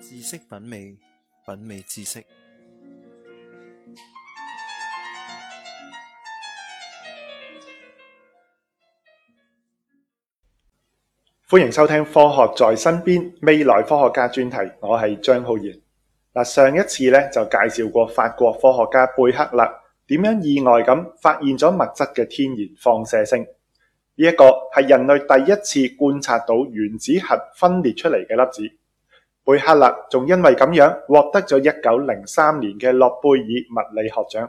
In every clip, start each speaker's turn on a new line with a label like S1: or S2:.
S1: 知識品味，品味知識。歡迎收聽《科學在身邊：未來科學家》專題，我係張浩然。嗱，上一次呢，就介紹過法國科學家貝克勒點樣意外咁發現咗物質嘅天然放射性。呢一個係人類第一次觀察到原子核分裂出嚟嘅粒子，貝克勒仲因為咁樣獲得咗1903年嘅諾貝爾物理學獎。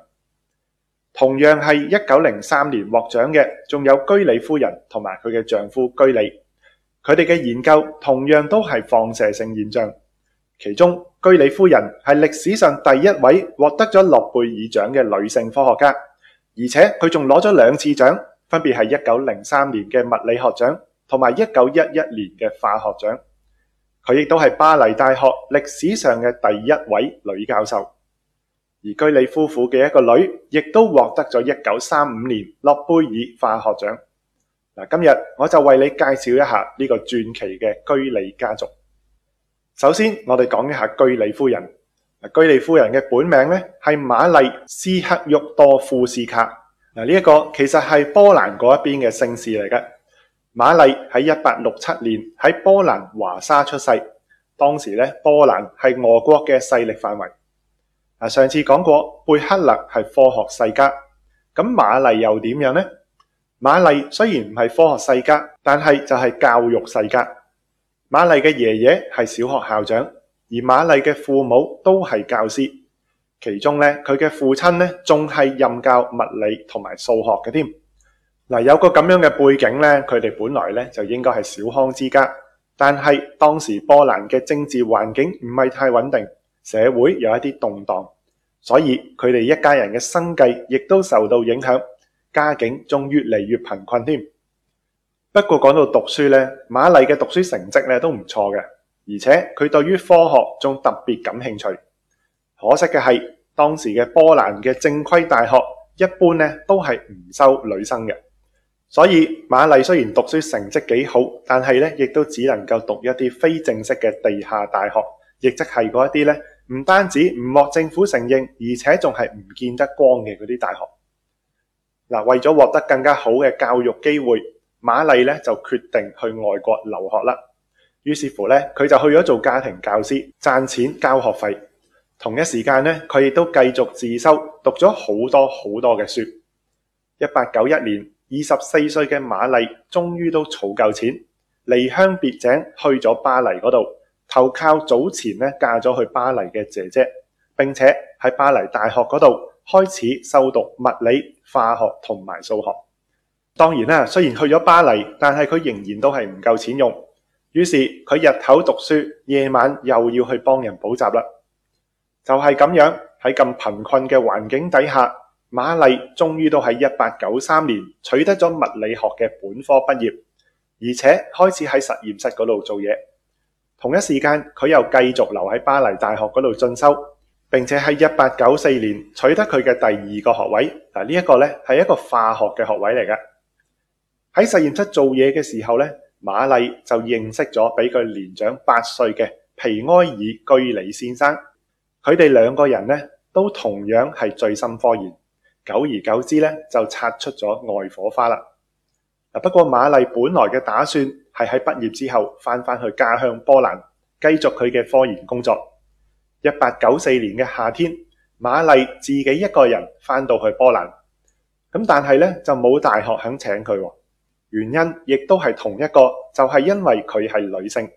S1: 同樣係1903年獲獎嘅，仲有居里夫人同埋佢嘅丈夫居里。佢哋嘅研究同樣都係放射性現象。其中居里夫人係歷史上第一位獲得咗諾貝爾獎嘅女性科學家，而且佢仲攞咗兩次獎。分別是1903年的物理學長同佢都是巴黎大學歷史上的第一位女教授。今我就為你介紹一下那個傳奇的蓋里家族。嗱，呢一個其實係波蘭嗰一邊嘅姓氏嚟嘅。馬麗喺一八六七年喺波蘭華沙出世，當時咧，波蘭係俄國嘅勢力範圍。上次講過貝克勒係科學世家，咁馬麗又點樣呢？馬麗雖然唔係科學世家，但係就係教育世家。馬麗嘅爺爺係小學校長，而馬麗嘅父母都係教師。其中咧，佢嘅父親咧仲係任教物理同埋數學嘅添。嗱，有個咁樣嘅背景咧，佢哋本來咧就應該係小康之家，但係當時波蘭嘅政治環境唔係太穩定，社會有一啲動盪，所以佢哋一家人嘅生計亦都受到影響，家境仲越嚟越貧困添。不過講到讀書咧，瑪麗嘅讀書成績咧都唔錯嘅，而且佢對於科學仲特別感興趣。可惜嘅係，當時嘅波蘭嘅正規大學一般咧都係唔收女生嘅，所以瑪麗雖然讀書成績幾好，但係咧亦都只能夠讀一啲非正式嘅地下大學，亦即係嗰一啲咧唔單止唔獲政府承認，而且仲係唔見得光嘅嗰啲大學。嗱，為咗獲得更加好嘅教育機會，瑪麗咧就決定去外國留學啦。於是乎咧，佢就去咗做家庭教師，賺錢交學費。同一時間咧，佢亦都繼續自修，讀咗好多好多嘅書。一八九一年，二十四歲嘅瑪麗終於都儲夠錢，離鄉別井去咗巴黎嗰度投靠早前咧嫁咗去巴黎嘅姐姐。並且喺巴黎大學嗰度開始修讀物理、化學同埋數學。當然啦，雖然去咗巴黎，但係佢仍然都係唔夠錢用。於是佢日頭讀書，夜晚又要去幫人補習啦。就係咁樣喺咁貧困嘅環境底下，瑪麗終於都喺一八九三年取得咗物理學嘅本科畢業，而且開始喺實驗室嗰度做嘢。同一時間，佢又繼續留喺巴黎大學嗰度進修，並且喺一八九四年取得佢嘅第二個學位。嗱，呢一個呢係一個化學嘅學位嚟嘅。喺實驗室做嘢嘅時候呢，瑪麗就認識咗比佢年長八歲嘅皮埃爾居里先生。佢哋兩個人咧都同樣係醉心科研，久而久之咧就擦出咗愛火花啦。不過馬麗本來嘅打算係喺畢業之後翻翻去家鄉波蘭繼續佢嘅科研工作。一八九四年嘅夏天，馬麗自己一個人翻到去波蘭，咁但係咧就冇大學肯請佢，原因亦都係同一個，就係、是、因為佢係女性。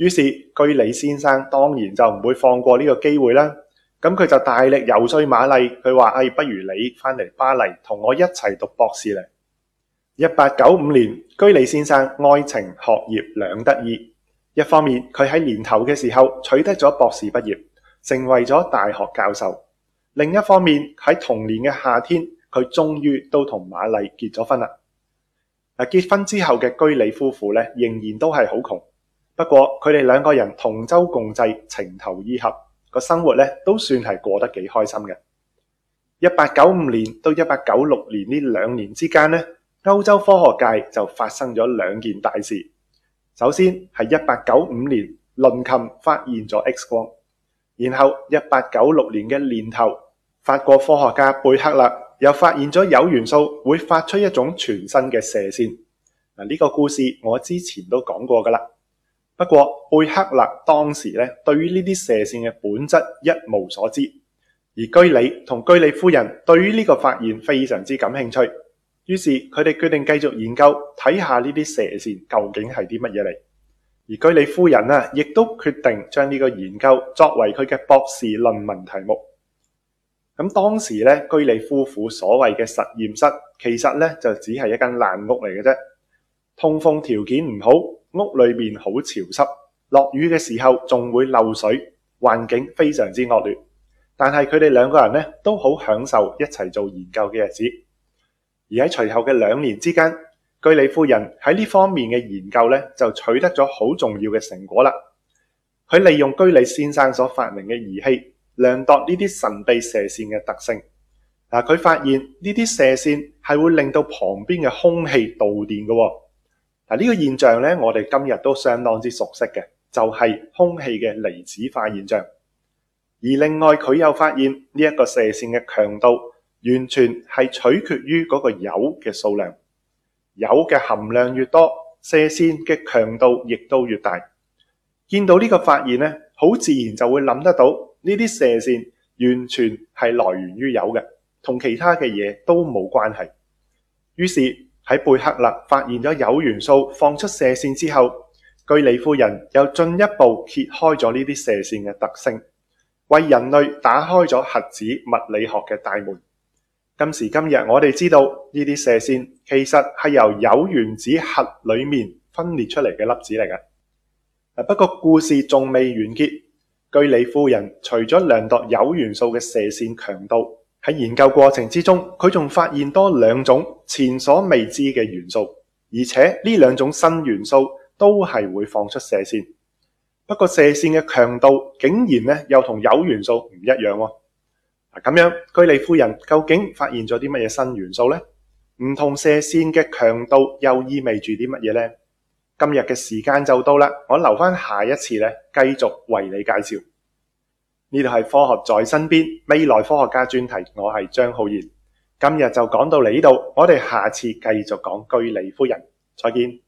S1: 於是居里先生當然就唔會放過呢個機會啦。咁佢就大力游說瑪麗，佢話，哎，不如你翻嚟巴黎同我一齊讀博士咧。一八九五年，居里先生愛情學業兩得意。一方面，佢喺年頭嘅時候取得咗博士畢業，成為咗大學教授；另一方面喺同年嘅夏天，佢終於都同瑪麗結咗婚啦。結婚之後嘅居里夫婦咧，仍然都係好窮。不過佢哋兩個人同舟共濟、情投意合，個生活咧都算係過得幾開心嘅。一八九五年到一八九六年呢兩年之間咧，歐洲科學界就發生咗兩件大事。首先係一八九五年，倫琴發現咗 X 光，然後一八九六年嘅年頭，法國科學家貝克勒又發現咗有元素會發出一種全新嘅射線。嗱，呢個故事我之前都講過㗎喇。不過貝克勒當時咧，對於呢啲射線嘅本質一無所知，而居里同居里夫人對於呢個發現非常之感興趣，於是佢哋決定繼續研究，睇下呢啲射線究竟係啲乜嘢嚟。而居里夫人啊，亦都決定將呢個研究作為佢嘅博士論文題目。咁當時咧，居里夫婦所謂嘅實驗室其實咧就只係一間爛屋嚟嘅啫，通風條件唔好。屋裏面好潮濕，落雨嘅時候仲會漏水，環境非常之惡劣。但係佢哋兩個人咧都好享受一齊做研究嘅日子。而喺隨後嘅兩年之間，居里夫人喺呢方面嘅研究咧就取得咗好重要嘅成果啦。佢利用居里先生所發明嘅儀器量度呢啲神秘射線嘅特性。嗱，佢發現呢啲射線係會令到旁邊嘅空氣導電嘅。嗱，呢個現象咧，我哋今日都相當之熟悉嘅，就係空氣嘅離子化現象。而另外佢又發現呢一個射線嘅強度，完全係取決於嗰個鈾嘅數量。鈾嘅含量越多，射線嘅強度亦都越大。見到呢個發現咧，好自然就會諗得到，呢啲射線完全係來源於鈾嘅，同其他嘅嘢都冇關係。於是，喺貝克勒發現咗鈾元素放出射線之後，居里夫人又進一步揭開咗呢啲射線嘅特性，為人類打開咗核子物理學嘅大門。今時今日，我哋知道呢啲射線其實係由鈾原子核裏面分裂出嚟嘅粒子嚟嘅。不過故事仲未完結，居里夫人除咗量度鈾元素嘅射線強度。喺研究過程之中，佢仲發現多兩種前所未知嘅元素，而且呢兩種新元素都係會放出射線。不過射線嘅強度竟然咧又同鈾元素唔一樣喎。嗱咁樣居里夫人究竟發現咗啲乜嘢新元素呢？唔同射線嘅強度又意味住啲乜嘢呢？今日嘅時間就到啦，我留返下一次咧繼續為你介紹。呢度係科學在身邊未來科學家專題，我係張浩然，今日就講到呢度，我哋下次繼續講居里夫人，再見。